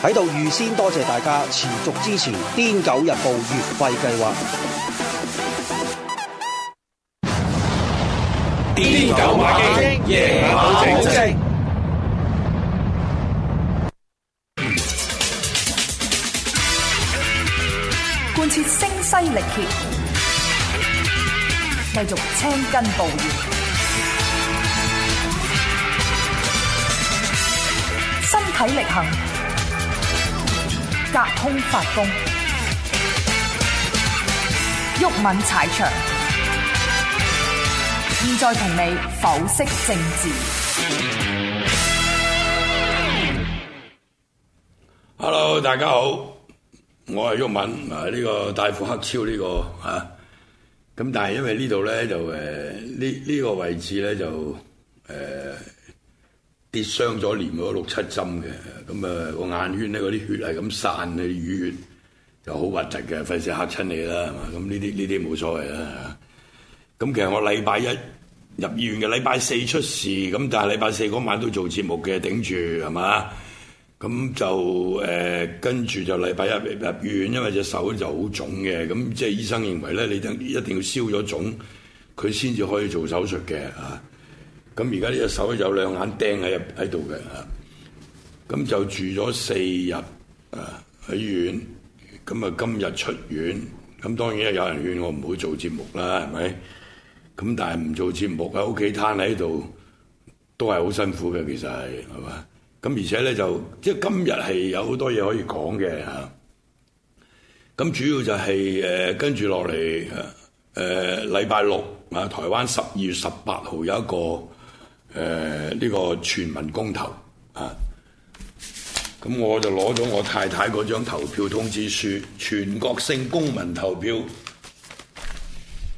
喺度預先多謝大家持續支持《癲狗日報月費計劃》癲馬。癲狗馬經，夜晚保證。貫徹聲嘶力竭，繼續青筋暴現，身體力行。隔空發功，毓民 踩場， 現在同你剖析政治。Hello，大家好，我係毓民啊，呢、呢個大富黑超呢、呢個啊，咁但係因為呢度咧就誒呢呢個位置咧就誒。呃跌傷咗，連咗六七針嘅，咁啊個眼圈咧，嗰啲血係咁散嘅瘀血，就好核突嘅，費事嚇親你啦，係嘛？咁呢啲呢啲冇所謂啦。咁其實我禮拜一入院嘅，禮拜四出事，咁但係禮拜四嗰晚都做節目嘅，頂住係嘛？咁就誒跟住就禮拜一入，入院，因為隻手就好腫嘅，咁即係醫生認為咧，你一定要消咗腫，佢先至可以做手術嘅啊。咁而家呢隻手有兩眼釘喺喺度嘅嚇，咁就住咗四日啊喺醫院，咁啊今日出院，咁當然有人勸我唔好做節目啦，係咪？咁但係唔做節目喺屋企攤喺度，都係好辛苦嘅，其實係係嘛？咁而且咧就即係今日係有好多嘢可以講嘅嚇，咁主要就係誒跟住落嚟誒誒禮拜六啊，台灣十二月十八號有一個。誒呢、呃這個全民公投啊，咁我就攞咗我太太嗰張投票通知書，全國性公民投票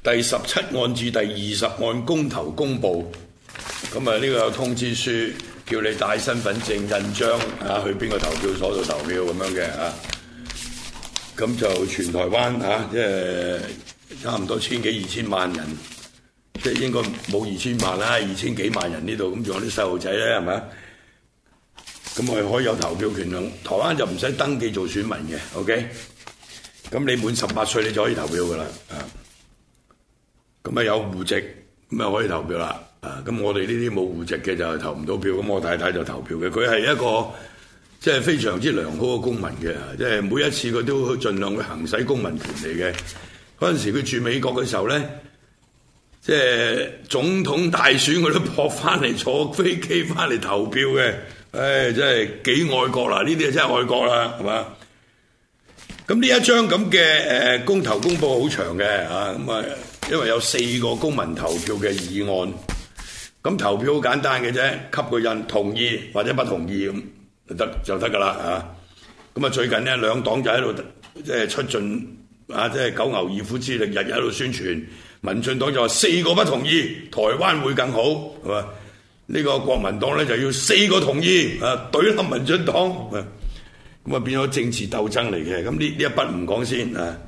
第十七案至第二十案公投公佈，咁啊呢、這個通知書叫你帶身份證印章啊去邊個投票所度投票咁樣嘅啊，咁就全台灣啊，即、啊、係差唔多千幾二千萬人。即係應該冇二千萬啦，二千幾萬人呢度，咁仲有啲細路仔咧，係咪啊？咁我哋可以有投票權咯。台灣就唔使登記做選民嘅，OK。咁你滿十八歲，你就可以投票噶啦，啊。咁啊有戶籍，咁啊可以投票啦，啊。咁我哋呢啲冇戶籍嘅就投唔到票，咁我太太就投票嘅。佢係一個即係非常之良好嘅公民嘅，即係每一次佢都盡量去行使公民權嚟嘅。嗰陣時佢住美國嘅時候咧。即係總統大選，我都撲翻嚟坐飛機翻嚟投票嘅，唉，真係幾愛國啦！呢啲真係愛國啦，係嘛？咁呢一張咁嘅誒公投公佈好長嘅啊，咁啊，因為有四個公民投票嘅議案，咁投票好簡單嘅啫，給個人同意或者不同意咁得就得㗎啦啊！咁啊，最近呢，兩黨就喺度即係出盡啊，即係九牛二虎之力，日日喺度宣傳。民進黨就話四個不同意，台灣會更好，係嘛？呢個國民黨咧就要四個同意，啊，懟冧民進黨，咁啊變咗政治鬥爭嚟嘅。咁呢呢一筆唔講先啊。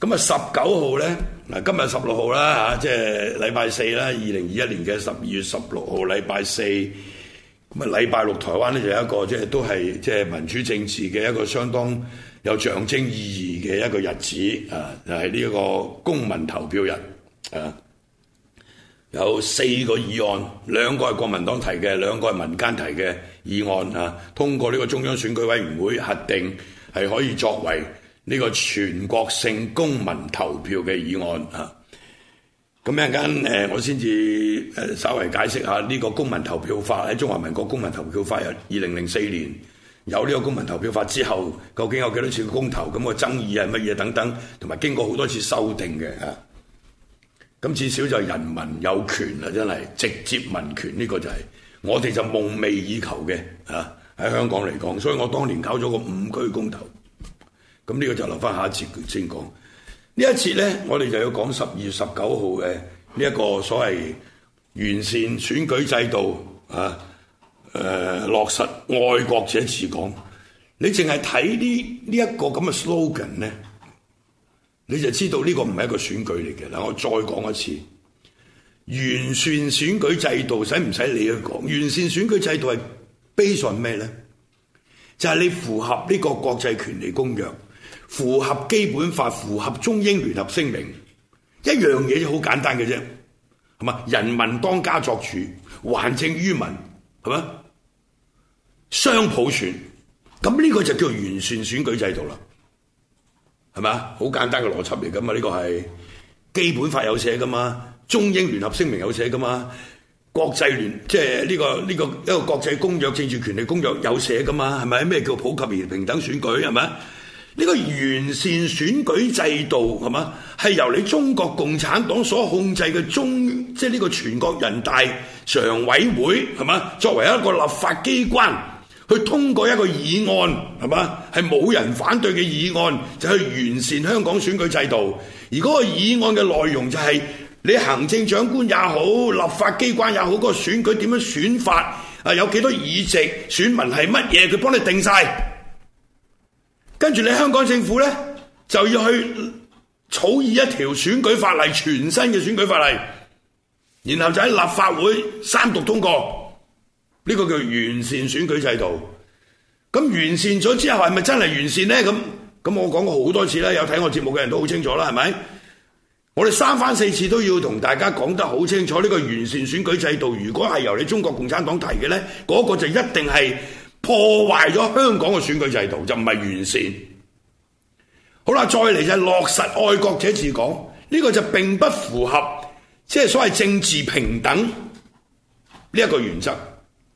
咁啊，十九號咧，嗱今日十六號啦，嚇、啊，即係禮拜四啦，二零二一年嘅十二月十六號禮拜四，咁啊禮拜六台灣咧就有、係、一個，即係都係即係民主政治嘅一個相當有象徵意義嘅一個日子啊，就係呢一個公民投票日。誒、啊，有四個議案，兩個係國民黨提嘅，兩個係民間提嘅議案啊。通過呢個中央選舉委員會核定，係可以作為呢個全國性公民投票嘅議案啊。咁一陣間誒，我先至誒，稍微解釋下呢、這個公民投票法喺中華民國公民投票法喺二零零四年有呢、這個公民投票法之後，究竟有幾多次公投，咁、這個爭議係，乜嘢等等，同埋經過好多次修訂嘅啊。咁至少就人民有權啦，真係直接民權呢個就係我哋就夢寐以求嘅啊！喺香港嚟講，所以我當年搞咗個五區公投，咁呢個就留翻下，下一節先講。呢一節呢，我哋就要講十二月十九號嘅呢一個所謂完善選舉制度啊，誒、呃、落實愛國者治港。你淨係睇呢呢一個咁嘅 slogan 呢。你就知道呢個唔係一個選舉嚟嘅，我再講一次，完善選舉制度使唔使你去講？完善選舉制度係 based on 咩咧？就係你符合呢個國際權利公約，符合基本法，符合中英聯合聲明，一樣嘢就好簡單嘅啫，人民當家作主，還政於民，係嘛？雙普選，咁呢個就叫做完善選舉制度啦。係咪好簡單嘅邏輯嚟噶嘛？呢個係基本法有寫噶嘛？中英聯合聲明有寫噶嘛？國際聯即係呢個呢個一個國際公約、政治權利公約有寫噶嘛？係咪？咩叫普及而平等選舉？係咪？呢個完善選舉制度係咪？係由你中國共產黨所控制嘅中即係呢個全國人大常委會係咪？作為一個立法機關。去通過一個議案係嘛，係冇人反對嘅議案，就去完善香港選舉制度。而嗰個議案嘅內容就係你行政長官也好，立法機關也好，嗰個選舉點樣選法啊？有幾多議席？選民係乜嘢？佢幫你定晒。跟住你香港政府咧，就要去草擬一條選舉法例，全新嘅選舉法例，然後就喺立法會三讀通過。呢個叫完善選舉制度，咁完善咗之後係咪真係完善呢？咁咁我講過好多次啦，有睇我節目嘅人都好清楚啦，係咪？我哋三番四次都要同大家講得好清楚，呢個完善選舉制度，如果係由你中國共產黨提嘅呢，嗰個就一定係破壞咗香港嘅選舉制度，就唔係完善。好啦，再嚟就係落實愛國者治港，呢個就並不符合即係所謂政治平等呢一個原則。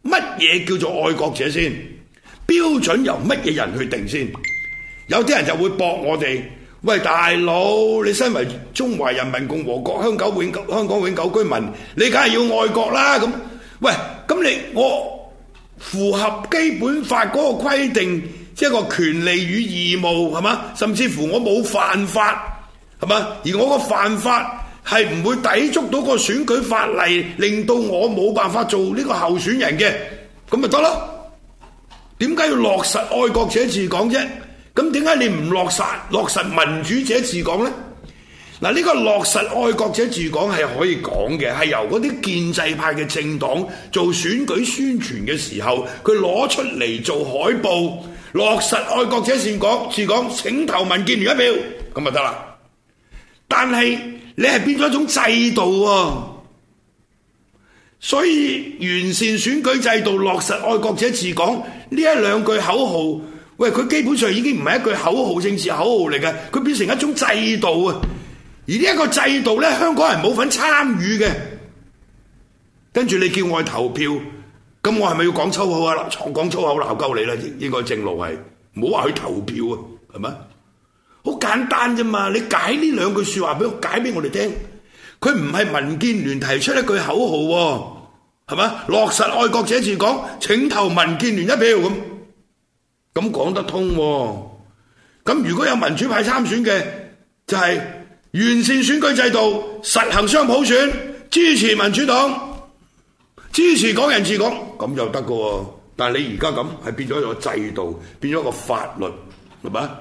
乜嘢叫做愛國者先？標準由乜嘢人去定先？有啲人就會駁我哋。喂，大佬，你身為中華人民共和國香港永香港永久居民，你梗係要愛國啦。咁，喂，咁你我符合基本法嗰個規定，即係個權利與義務，係嘛？甚至乎我冇犯法，係嘛？而我個犯法。係唔會抵觸到個選舉法例，令到我冇辦法做呢個候選人嘅，咁咪得咯？點解要落實愛國者治港啫？咁點解你唔落實落實民主者治港咧？嗱，呢個落實愛國者治港係可以講嘅，係由嗰啲建制派嘅政黨做選舉宣傳嘅時候，佢攞出嚟做海報，落實愛國者治港，治港請投民建聯一票，咁咪得啦。但係你係變咗一種制度啊，所以完善選舉制度、落實愛國者治港呢一兩句口號喂，喂佢基本上已經唔係一句口號政治口號嚟嘅，佢變成一種制度啊！而呢一個制度咧，香港人冇份參與嘅。跟住你叫我去投票，咁我係咪要講粗口啊？講粗口鬧鳩你啦！應該正路係唔好話去投票啊，係咪？好簡單啫嘛！你解呢兩句説話俾我解俾我哋聽，佢唔係民建聯提出一句口號喎，係嘛？落實愛國者治港，請投民建聯一票咁，咁講得通喎。咁如果有民主派參選嘅，就係完善選舉制度，實行雙普選，支持民主黨，支持港人治港，咁就得㗎喎。但係你而家咁係變咗一個制度，變咗一個法律，係咪啊？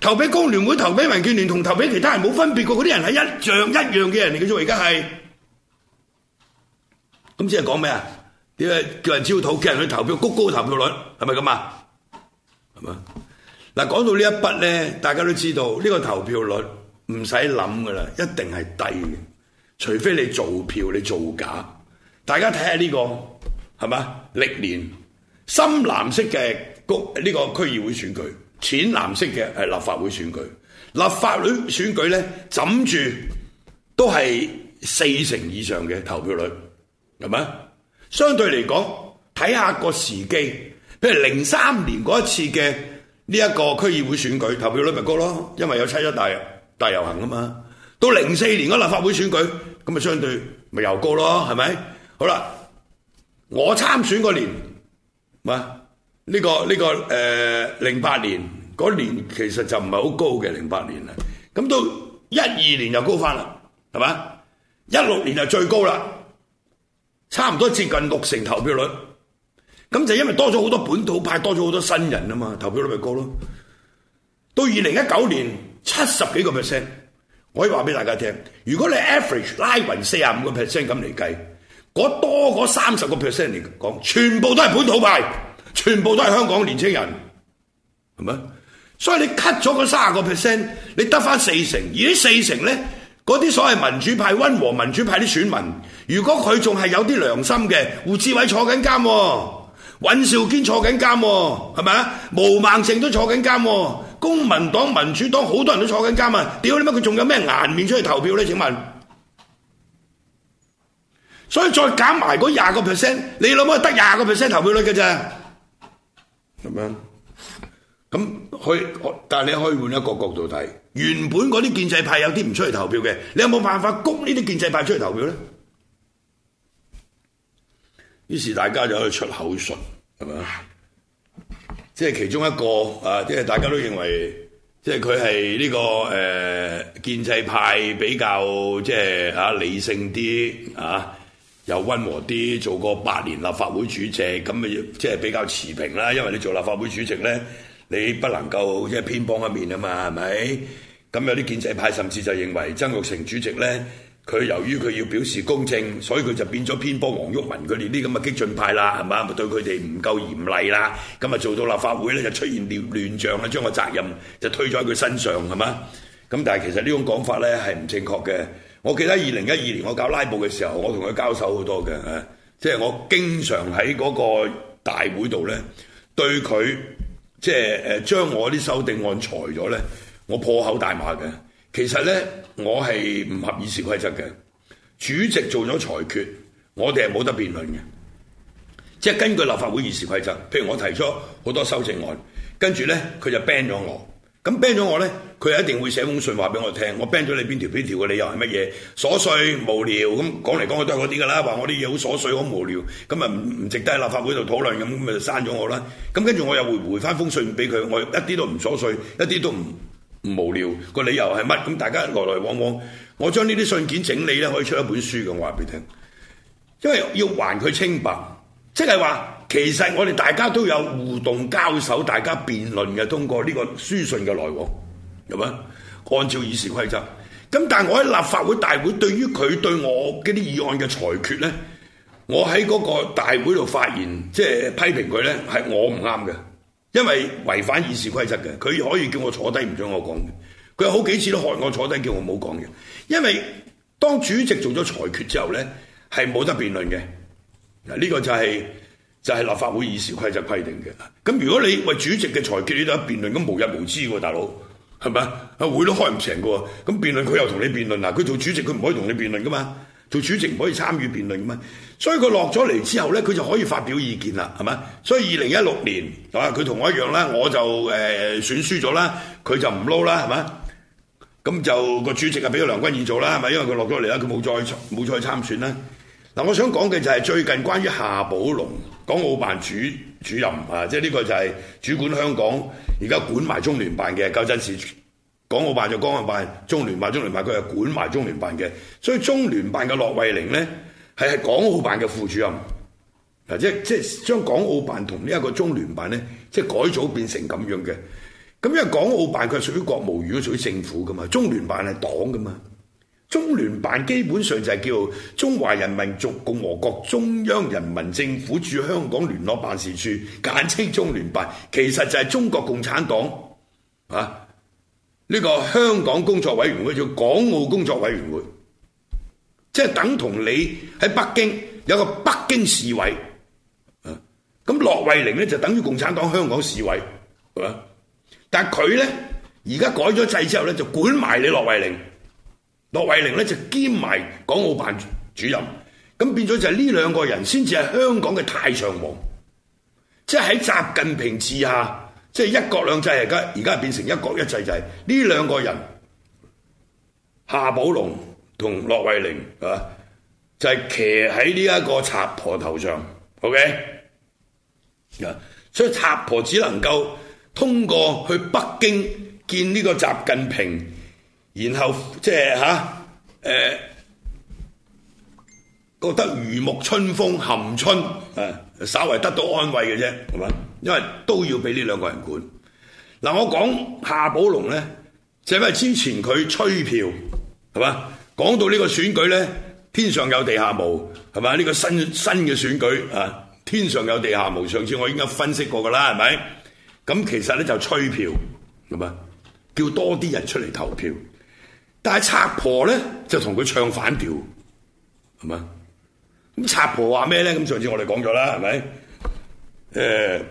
投俾工聯會、投俾民建聯同投俾其他人冇分別過，嗰啲人係一樣一樣嘅人嚟嘅啫。而家係，咁即係講咩啊？點解叫人招土、叫人去投票、谷高投票率係咪咁啊？係嘛？嗱，講到一筆呢一筆咧，大家都知道呢、這個投票率唔使諗嘅啦，一定係低嘅，除非你做票、你造假。大家睇下呢個係嘛？歷年深藍色嘅谷呢個區、這個這個、議會選舉。淺藍色嘅係立法會選舉，立法會選舉咧，枕住都係四成以上嘅投票率，係咪？相對嚟講，睇下個時機，譬如，零三年嗰一次嘅呢一個區議會選舉，投票率咪高咯，因為有七一大大遊行啊嘛。到零四年嗰立法會選舉，咁咪相對咪又高咯，係咪？好啦，我參選嗰年，咪？呢個呢個誒，零八年嗰年其實就唔係好高嘅，零八年啦，咁到一二年就高返啦，係嘛？一六年就最高啦，差唔多接近六成投票率，咁就因為多咗好多本土派，多咗好多新人啊嘛，投票率咪高咯。到二零一九年七十幾個 percent，我可以話俾大家聽，如果你 average 拉勻四十五個 percent 咁嚟計，嗰多嗰三十個 percent 嚟講，全部都係本土派。全部都係香港年青人，係咪？所以你 cut 咗三十個 percent，你得返四成。而呢四成呢，嗰啲所謂民主派、溫和民主派啲選民，如果佢仲係有啲良心嘅，胡志偉坐緊監、啊，尹兆堅坐緊監，係咪啊？毛孟靜都坐緊監、啊，公民黨、民主黨好多人都坐緊監啊！屌你媽，佢仲有咩顏面出去投票呢？請問，所以再減埋嗰廿個 percent，你諗下得廿個 percent 投票率嘅咋？咁樣，咁可但係你可以換一個角度睇。原本嗰啲建制派有啲唔出嚟投票嘅，你有冇辦法供呢啲建制派出嚟投票咧？於是大家就可以出口術，係咪啊？即係其中一個啊，即係大家都認為，即係佢係呢個誒、呃、建制派比較即係啊理性啲啊。又溫和啲，做過八年立法會主席，咁咪即係比較持平啦。因為你做立法會主席呢，你不能夠即係偏幫一面㗎嘛，係咪？咁有啲建制派甚至就認為曾鈺成主席呢，佢由於佢要表示公正，所以佢就變咗偏幫黃毓民佢哋啲咁嘅激進派啦，係嘛？對佢哋唔夠嚴厲啦，咁啊做到立法會呢，就出現亂象啦，將個責任就推咗喺佢身上係嘛？咁但係其實呢種講法呢，係唔正確嘅。我記得二零一二年我搞拉布嘅時候，我同佢交手好多嘅、啊，即係我經常喺嗰個大會度咧對佢，即係誒將我啲修訂案裁咗咧，我破口大罵嘅。其實咧，我係唔合議事規則嘅。主席做咗裁決，我哋係冇得辯論嘅，即係根據立法會議事規則。譬如我提出好多修正案，跟住咧佢就 ban 咗我。咁 ban 咗我呢，佢一定會寫封信話俾我聽，我 ban 咗你邊條邊條嘅理由係乜嘢瑣碎無聊，咁講嚟講去都係嗰啲噶啦，話我啲嘢好瑣碎好無聊，咁啊唔值得喺立法會度討論，咁咪就刪咗我啦。咁跟住我又回回翻封信俾佢，我一啲都唔瑣碎，一啲都唔無聊，個理由係乜？咁大家來來往往，我將呢啲信件整理呢，可以出一本書嘅，話俾你聽，因為要還佢清白，即係話。其實我哋大家都有互動交手，大家辯論嘅，通過呢個書信嘅來往，有冇按照議事規則，咁但係我喺立法會大會對於佢對我嗰啲議案嘅裁決呢，我喺嗰個大會度發言，即係批評佢呢，係我唔啱嘅，因為違反議事規則嘅。佢可以叫我坐低唔准我講嘅，佢有好幾次都害我坐低叫我唔好講嘅，因為當主席做咗裁決之後呢，係冇得辯論嘅。嗱，呢個就係、是。就係立法會議事規則規定嘅，咁如果你為主席嘅裁決而得辯論，咁無日無之喎，大佬係咪啊？會都開唔成㗎喎，咁辯論佢又同你辯論啊？佢做主席佢唔可以同你辯論噶嘛？做主席唔可以參與辯論噶嘛？所以佢落咗嚟之後咧，佢就可以發表意見啦，係咪？所以二零一六年啊，佢同我一樣啦，我就誒、呃、選輸咗啦，佢就唔撈啦，係咪？咁就個主席啊，俾咗梁君彥做啦，係咪？因為佢落咗嚟啦，佢冇再冇再參選啦。嗱，我想講嘅就係、是、最近關於夏寶龍。港澳辦主主任啊，即係呢個就係主管香港，而家管埋中聯辦嘅。舊陣時，港澳辦就港澳辦，中聯辦中聯辦，佢係管埋中聯辦嘅。所以中聯辦嘅駱惠寧呢，係港澳辦嘅副主任。嗱、啊，即即將港澳辦同呢一個中聯辦呢，即係改組變成咁樣嘅。咁因為港澳辦佢係屬於國務院，屬於政府噶嘛，中聯辦係黨噶嘛。中聯辦基本上就係叫中華人民共共和國中央人民政府駐香港聯絡辦事處，簡稱中聯辦。其實就係中國共產黨啊，呢個香港工作委員會叫港澳工作委員會，即係等同你喺北京有個北京市委，咁駱惠寧呢，就等於共產黨香港市委，啊，但佢呢，而家改咗制之後呢，就管埋你駱惠寧。駱惠寧咧，就兼埋港澳辦主任，咁變咗就係呢兩個人先至係香港嘅太上皇，即係喺習近平治下，即係一國兩制而家而家變成一國一制，就係呢兩個人夏寶龍同駱惠寧啊，就係騎喺呢一個賊婆頭上，OK，啊，所以賊婆只能夠通過去北京見呢個習近平。然後即係吓，誒、啊，覺得如沐春風含春，誒、啊，稍為得到安慰嘅啫，係嘛？因為都要俾呢兩個人管。嗱、啊，我講夏寶龍咧，就是、因為之前佢吹票，係嘛？講到呢個選舉咧，天上有地下無，係嘛？呢、這個新新嘅選舉啊，天上有地下無。上次我應該分析過噶啦，係咪？咁其實咧就是、吹票，係嘛？叫多啲人出嚟投票。但係賊婆咧就同佢唱反調，係嘛？咁賊婆話咩咧？咁上次我哋講咗啦，係咪？誒、欸，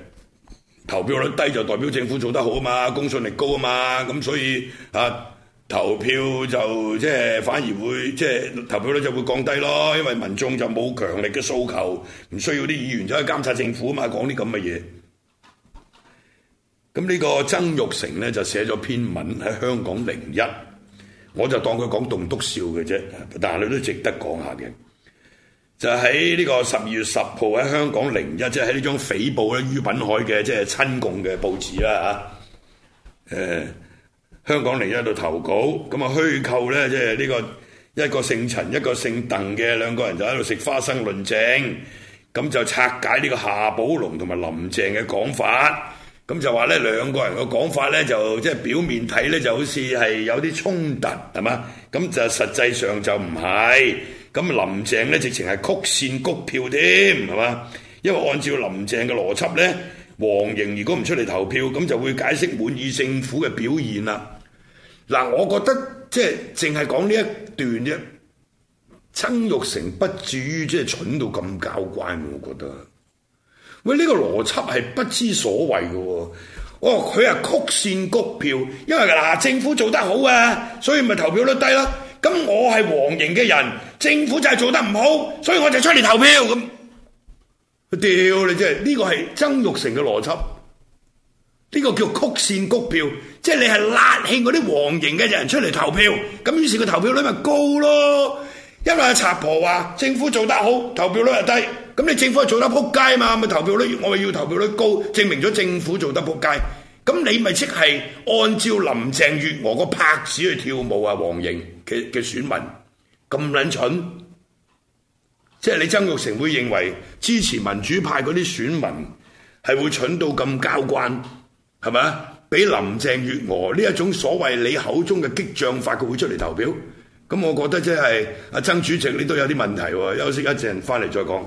投票率低就代表政府做得好啊嘛，公信力高啊嘛，咁所以啊，投票就即係、就是、反而會即係、就是、投票率就會降低咯，因為民眾就冇強力嘅訴求，唔需要啲議員走去監察政府啊嘛，講啲咁嘅嘢。咁呢個曾鈺成咧就寫咗篇文喺香港零一，我就當佢講棟篤笑嘅啫，但係你都值得講下嘅。就喺、是、呢個十二月十號喺香港零一，即係喺呢張匪報咧，于品海嘅即係親共嘅報紙啦嚇。誒、啊，香港零一度投稿，咁啊虛構咧，即係呢個一個姓陳、一個姓鄧嘅兩個人就喺度食花生論證，咁就拆解呢個夏寶龍同埋林鄭嘅講法。咁就話呢兩個人嘅講法呢，就即係表面睇呢，就好似係有啲衝突，係嘛？咁就實際上就唔係。咁林鄭呢，直情係曲線谷票添，係嘛？因為按照林鄭嘅邏輯呢，黃營如果唔出嚟投票，咁就會解釋滿意政府嘅表現啦。嗱，我覺得即係淨係講呢一段啫。曾鈺成不至於即係蠢到咁交關，我覺得。喂，呢個邏輯係不知所謂嘅喎，哦佢係曲線谷票，因為嗱、啊、政府做得好啊，所以咪投票率低咯。咁我係黃營嘅人，政府就係做得唔好，所以我就出嚟投票咁。屌你即係呢個係曾鈺成嘅邏輯，呢、這個叫曲線谷票，即係你係辣興嗰啲黃營嘅人出嚟投票，咁於是個投票率咪高咯。因為賊婆話政府做得好，投票率又低。咁你政府做得仆街嘛？咪投票率，我咪要投票率高，證明咗政府做得仆街。咁你咪即係按照林鄭月娥個拍子去跳舞啊？黃瑩嘅嘅選民咁撚蠢，即係你曾鈺成會認為支持民主派嗰啲選民係會蠢到咁交關，係咪啊？俾林鄭月娥呢一種所謂你口中嘅激將法，佢會出嚟投票。咁我覺得即係阿曾主席你都有啲問題，休息一陣，翻嚟再講。